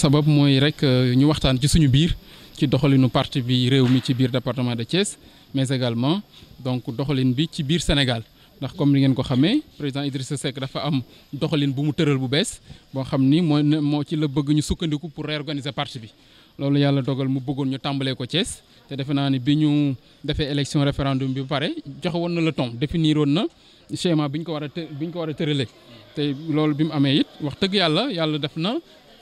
sabab mooy rek euh, ñu waxtaan ci suñu biir ci doxalinu parti bi réew mi ci biir département de Thiès mais également donc doxalin bi ci biir Sénégal ndax comme ni ngeen ko xamee président Idrissa Seck dafa am doxalin bu mu tëral bu bees boo xam ni mooy moo ci la bëgg ñu sukkandiku pour réorganiser parti bi loolu yàlla dogal mu bëggoon ñu tàmbalee ko Thiès te defe naa ni bi ñu defee élection référendum bi ba pare joxe woon na la ton définir woon na schéma bi ko war a të bi ñu ko war a tëralee te loolu bi mu amee it yàlla yàlla def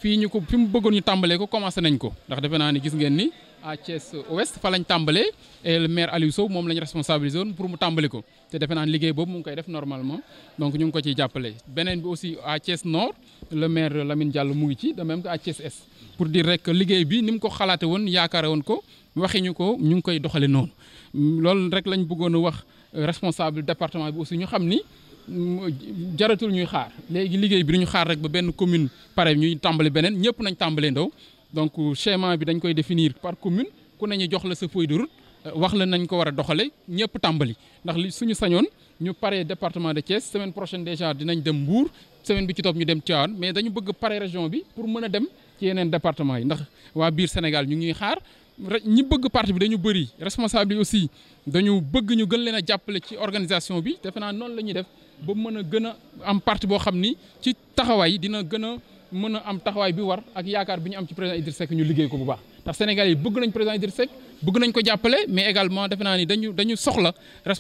fii ñu ko fi mu bëggoon ñu tàmbalee ko commencé nañ ko ndax defe naa ni gis ngeen ni à Thiès Ouest fa lañ tàmbalee et le maire Aliou Sow moom lañ responsabilisé woon pour mu tàmbali ko te defe naa ni liggéey boobu mu ngi koy def normalement donc ñu ngi ko ciy jàppale. beneen bi aussi à Thiès Nord le maire lamin Diallo mu ngi ci de même que à Thiès Est pour dire rek liggéey bi ni mu ko xalaate woon yaakaare woon ko waxi ñu ko ñu ngi koy doxale noonu loolu rek lañ bëggoon a wax responsable département bi ñu xam ni. jaratul ñuy xaar léegi liggéey bi ñu xaar rek ba benn commune pare ñuy tàmbali beneen ñëpp nañ tàmbalee ndaw donc schéma bi dañ koy définir par commune ku ne ñu jox la sa feuille de route wax la nañ ko war a doxale ñëpp tàmbali ndax li suñu sañoon ñu paree département de Thiès semaine prochaine déjà dinañ dem Mbour semaine bi ci topp ñu dem Tivaouane mais dañu bëgg pare région bi pour mën a dem ci yeneen département yi ndax waa biir Sénégal ñu ñuy xaar ñi bëgg parti bi dañu bëri responsable aussi dañu bëgg ñu gën leen a jàppale ci organisation bi defe naa noonu la ñuy def ba mën a gën a am parti boo xam ni ci taxawaay dina gën a mën a am taxawaay bi war ak yaakaar bi ñu am ci président Idriss Seck ñu liggéey ko bu baax ndax Sénégal yi bëgg nañ président Idriss Seck bëgg nañ ko jàppale mais également defe naa ni dañu dañu soxla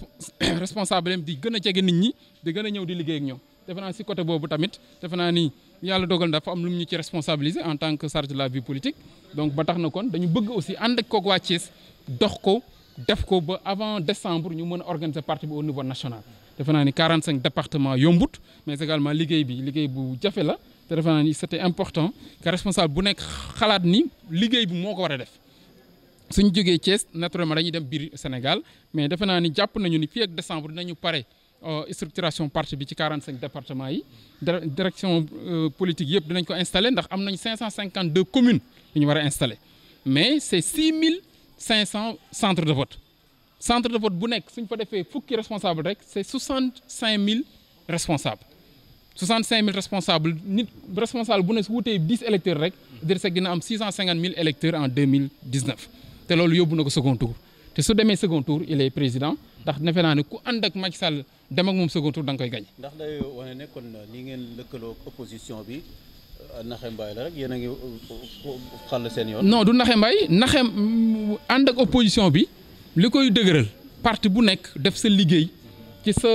responsable di gën a jege nit ñi di gën a ñëw di liggéey ak ñoom defe naa si côté boobu tamit defe naa ni yàlla dogal dafa am lu ñu ci responsabilisé en tant que chargé de la vie politique donc ba tax na kon dañu bëgg aussi ànd ak kooku waa Thiès ko def ko ba avant décembre ñu mën a organiser parti bi au national defe naa ni 45 départements yombut mais également liggéey bi liggéey bu jafe la te defe naa ni important que responsable bu nekk xalaat ni liggéey bi moo ko war a def suñ jógee Thiès naturellement dañuy dem biir Sénégal mais defe naa ni jàpp nañu ni fii ak décembre pare euh, structuration parti bi ci quarante cinq départements yi direction euh, politique yëpp dinañ ko installer ndax am nañ 552 communes yu ñu war a installer mais c'est 6500 centres de vote. centre de vote bu nekk suñ fa defee fukki responsable rek c'est soixante cinq mille responsables soixante cinq mille responsables nit responsable bu ne su wutee dix électeurs rek dir sax dina am six cent cinquante mille électeurs en deux mille te loolu yóbbu na ko second tour te su demee second tour il est président ndax defe naa ne ku ànd ak Macky Sall dem ak moom second tour danga nga koy gañ. ndax day wane ne kon ni ngeen lëkkaloo opposition bi. Euh, naxe mbaay la rek yéen a ngi euh, xàll seen yoon. non du naxe mbaay naxe mm, ànd ak opposition bi li koy dëgëral parti bu nekk def sa liggéey ci sa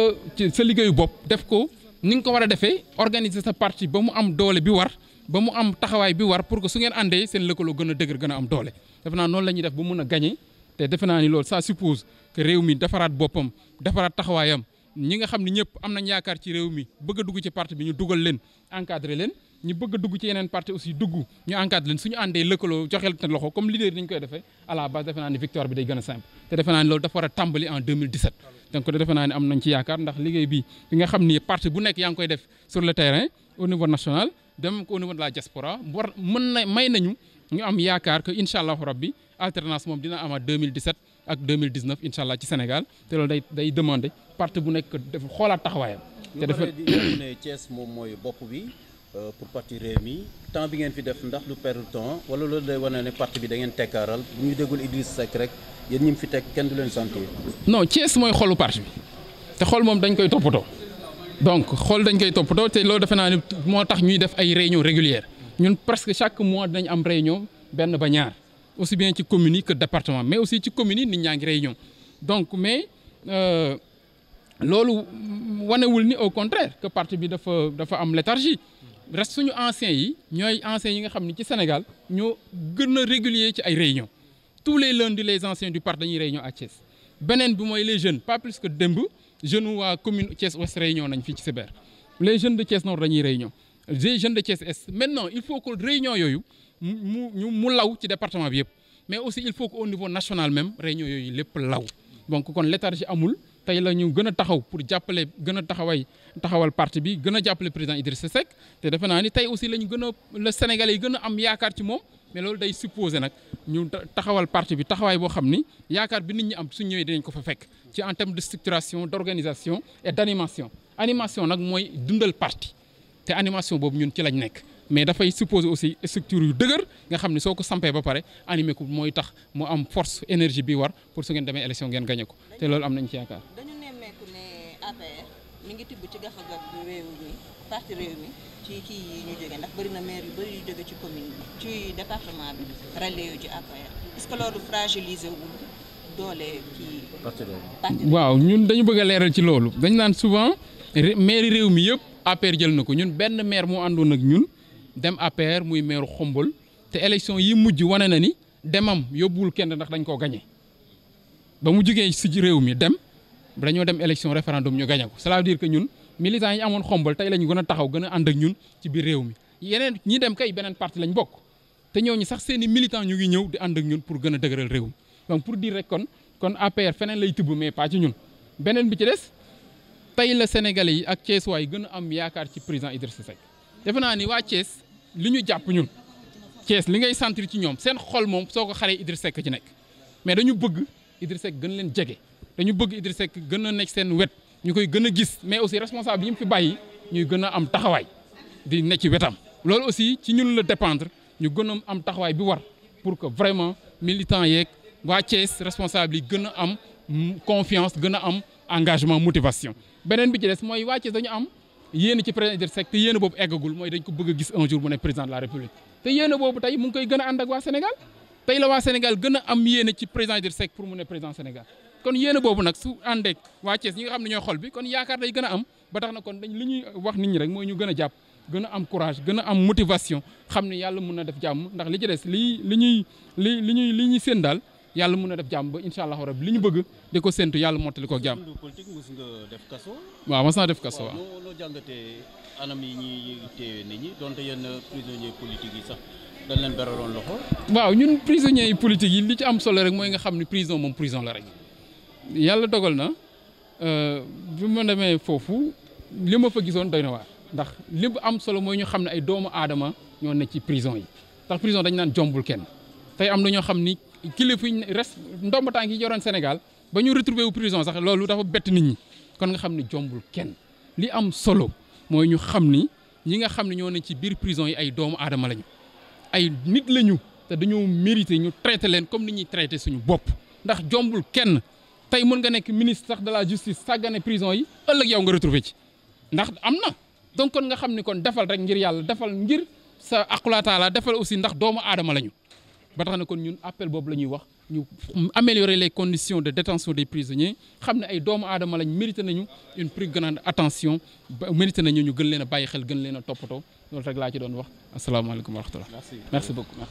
sa liggéeyu bopp def ko ni nga ko war a defee organiser sa parti ba mu am doole bi war ba mu am taxawaay bi war pour que su ngeen àndee seen lëkkaloo gën a dëgër gën a am doole defe naa noonu la ñuy def ba mun a gagné te defe naa ni lool ça suppose que réew mi defaraat boppam defaraat taxawaayam ñi nga xam ne ñëpp am nañ yaakaar ci réew mi bëgg a dugg ci parti bi ñu dugal leen encadré leen ñu bëgg a dugg ci yeneen parti aussi dugg ñu encadré leen suñu àndee lëkkaloo joxeel te loxo comme leader dañ koy defee à la base defe naa ne victoire bi day gën a simple te defe naa ne loolu dafa war a tàmbali en 2017 donc defe naa ne am nañ ci yaakaar ndax liggéey bi bi xam ni parti bu nekk yaa ngi koy def sur le terrain au niveau national dem au niveau de la diaspora war mën na am yaakaar que incha allahu rabbi alternance moom dina amaat 2017 ak 2019 incha allah ci Sénégal te loolu day day demander parti bu nekk dafa xoolaat taxawaayam. dafa ñu moom mooy bopp bi. Euh, pour parti mi temps bi ngeen fi def ndax lu perdre temps wala loolu day wane ne parti bi da ngeen tekkaaral bu ñu déggul Idriss Seck rek yéen ñi mu fi teg kenn du leen sant non Thiès mooy xolu parti bi te xol moom dañ koy toppatoo donc xol dañ koy toppatoo te loolu defe naa ne moo tax ñuy def ay réunion régulière ñun presque chaque mois dañ am réunion benn ba ñaar aussi bien ci commune yi que département mais aussi ci commune yi nit ñaa ngi réunion donc mais euh, loolu wanewul ni au contraire parti bi dafa dafa am léthargie reste suñu anciens yi ñooy anciens yi nga xam ni ci Sénégal ñoo gën a régulier ci ay réunions tous les lundis les anciens du parti dañuy réunion à Thiès beneen bi mooy les jeunes pas plus que démb jeunes waa commune Thiès Ouest réunion nañ fii ci Sébère les jeunes de Thiès Nord dañuy réunion les jeunes de Thiès Est maintenant il faut que réunion yooyu mu mu mu law ci département bi yëpp mais aussi il faut que au niveau national même réunion yooyu lépp law donc kon léthargie amul. tey la ñu gën a taxaw pour jàppale gën a taxaway taxawal parti bi gën a jàppale président Idrissa sec te defe naa ni tey aussi lañu ñu gën a la Sénégalais yi gën a am yaakaar ci moom mais loolu day supposé nag ñu taxawal parti bi taxawaay boo xam ni yaakaar bi nit ñi am su ñëwee dinañ ko fa fekk ci en terme de structuration d'organisation et d'animation animation nag mooy dundal parti te animation boobu ñun ci lañ nekk. mais dafay supposer aussi structure yu dëgër nga xam ne soo ko sampee ba pare animé ko mooy tax mu am force énergie bi war pour su ngeen demee élection ngeen gañe ko te loolu am nañ ci yaakaar. dañu nemmeeku ne APR mi ngi tibb ci gafagat bi réew mi ci kii yi ñu jógee ndax bëri maire yu bëri yu jóge ci commune ci département bi ralé yu ci APR est ñun dañu bëgg leeral ci loolu dañ naan souvent maire réew mi yëpp APR jël na ko ñun benn maire moo àndoon ak ñun. dem APR muy meeru Xombol te élection yi mujj wane na ni demam yóbbuwul kenn ndax dañ koo gañe ba mu jugee si ci réew mi dem dañoo dem élection référendum ñu gañe ko cela veut dire que ñun militants yi amoon Xombol tey lañu ñu gën a taxaw gën a ànd ak ñun ci biir réew mi yeneen ñi dem kay beneen parti lañ bokk te ñooñu sax seen i militants ñu ngi ñëw di ànd ak ñun pour gën a dëgëral réew mi pour dire rek kon kon APR feneen lay tibb mais pas ci ñun beneen bi ci des tey la Sénégalais yi ak Thiessois gën a am yaakaar ci président Idrissa defe naa ni waa Thiès li ñu jàpp ñun cees li ngay sentir ci ñoom seen xol moom soo ko xaree Idrissa Seck ci nekk mais dañu bëgg Idrissa Seck gën leen jege dañu bëgg Idrissa Seck gën a nekk seen wet ñu koy gën a gis mais aussi responsable yi mu fi bàyyi ñuy gën a am taxawaay di nekk ci wetam. loolu aussi ci ñun la dépendre ñu gën a am taxawaay bi war pour que vraiment militant yeeg waa Thiès responsable yi gën a am confiance gën a am engagement motivation beneen bi ci des mooy waa Thiès dañu am. yéen ci président Idrissa Seck te yéen boobu eggagul mooy dañ ko bëgg gis un jour mu nekk président de la république te yéen boobu tey mu ngi koy gën a ànd waa Sénégal tey la waa Sénégal gën am yéen ci président Idrissa Seck pour mu nekk président Sénégal kon yéen boobu nag su àndeek waa Thiès ñi nga xam ne ñooy xol bi kon yaakaar day gën am ba tax na kon dañ li ñuy wax nit ñi rek mooy ñu gën a jàpp gën a am courage gën am motivation xam ne yàlla mun na def jàmm ndax li ci des li li ñuy li li ñuy li ñuy seen daal yàlla mën na def jàmm ba incha allah rabi li ñu bëgg di ko séntu yàlla mottali ko jàmm. politique mos def kaso. waaw mos naa def kaso waaw. loo jàngatee anam yi ñuy ñi donte yenn prisonniers politiques yi sax dañ leen beraloon loxo. waaw ñun prisonniers yi politique yi li ci am solo rek mooy nga xam ne prison moom prison la rek yàlla dogal na euh, bi ma demee foofu li ma fa gisoon doy na waa ndax li am solo mooy ñu xam ne ay doomu aadama ñoo ne ci prison yi ndax prison dañ naan jombul kenn tey am na ñoo xam ni kilifa yi res ndomb tànk yi Sénégal ba ñu retrouver prison sax loolu dafa bett nit ñi kon nga xam ni jombul kenn li am solo mooy ñu xam ni ñi nga xam ne ñoo ne ci biir prison yi ay doomu aadama lañu ay nit lañu te dañoo mérité ñu traité leen comme ni ñuy traité suñu bopp ndax jombul kenn tey mën nga nekk ministre sax de la justice sàggane prison yi ëllëg yow nga retrouver ci ndax am na donc kon nga xam ni kon defal rek ngir yàlla defal ngir sa aqula taala defal aussi ndax doomu aadama lañu ba tax na kon ñun appel boobu la ñuy wax ñu améliorer les conditions de détention des prisonniers xam ne ay doomu aadama lañ mérité nañu une plus grande attention ba nañu ñu gën leen a bàyyi xel gën leen a toppatoo loolu rek laa ci doon wax asalaamaaleykum wa rahmatulah. merci merci beaucoup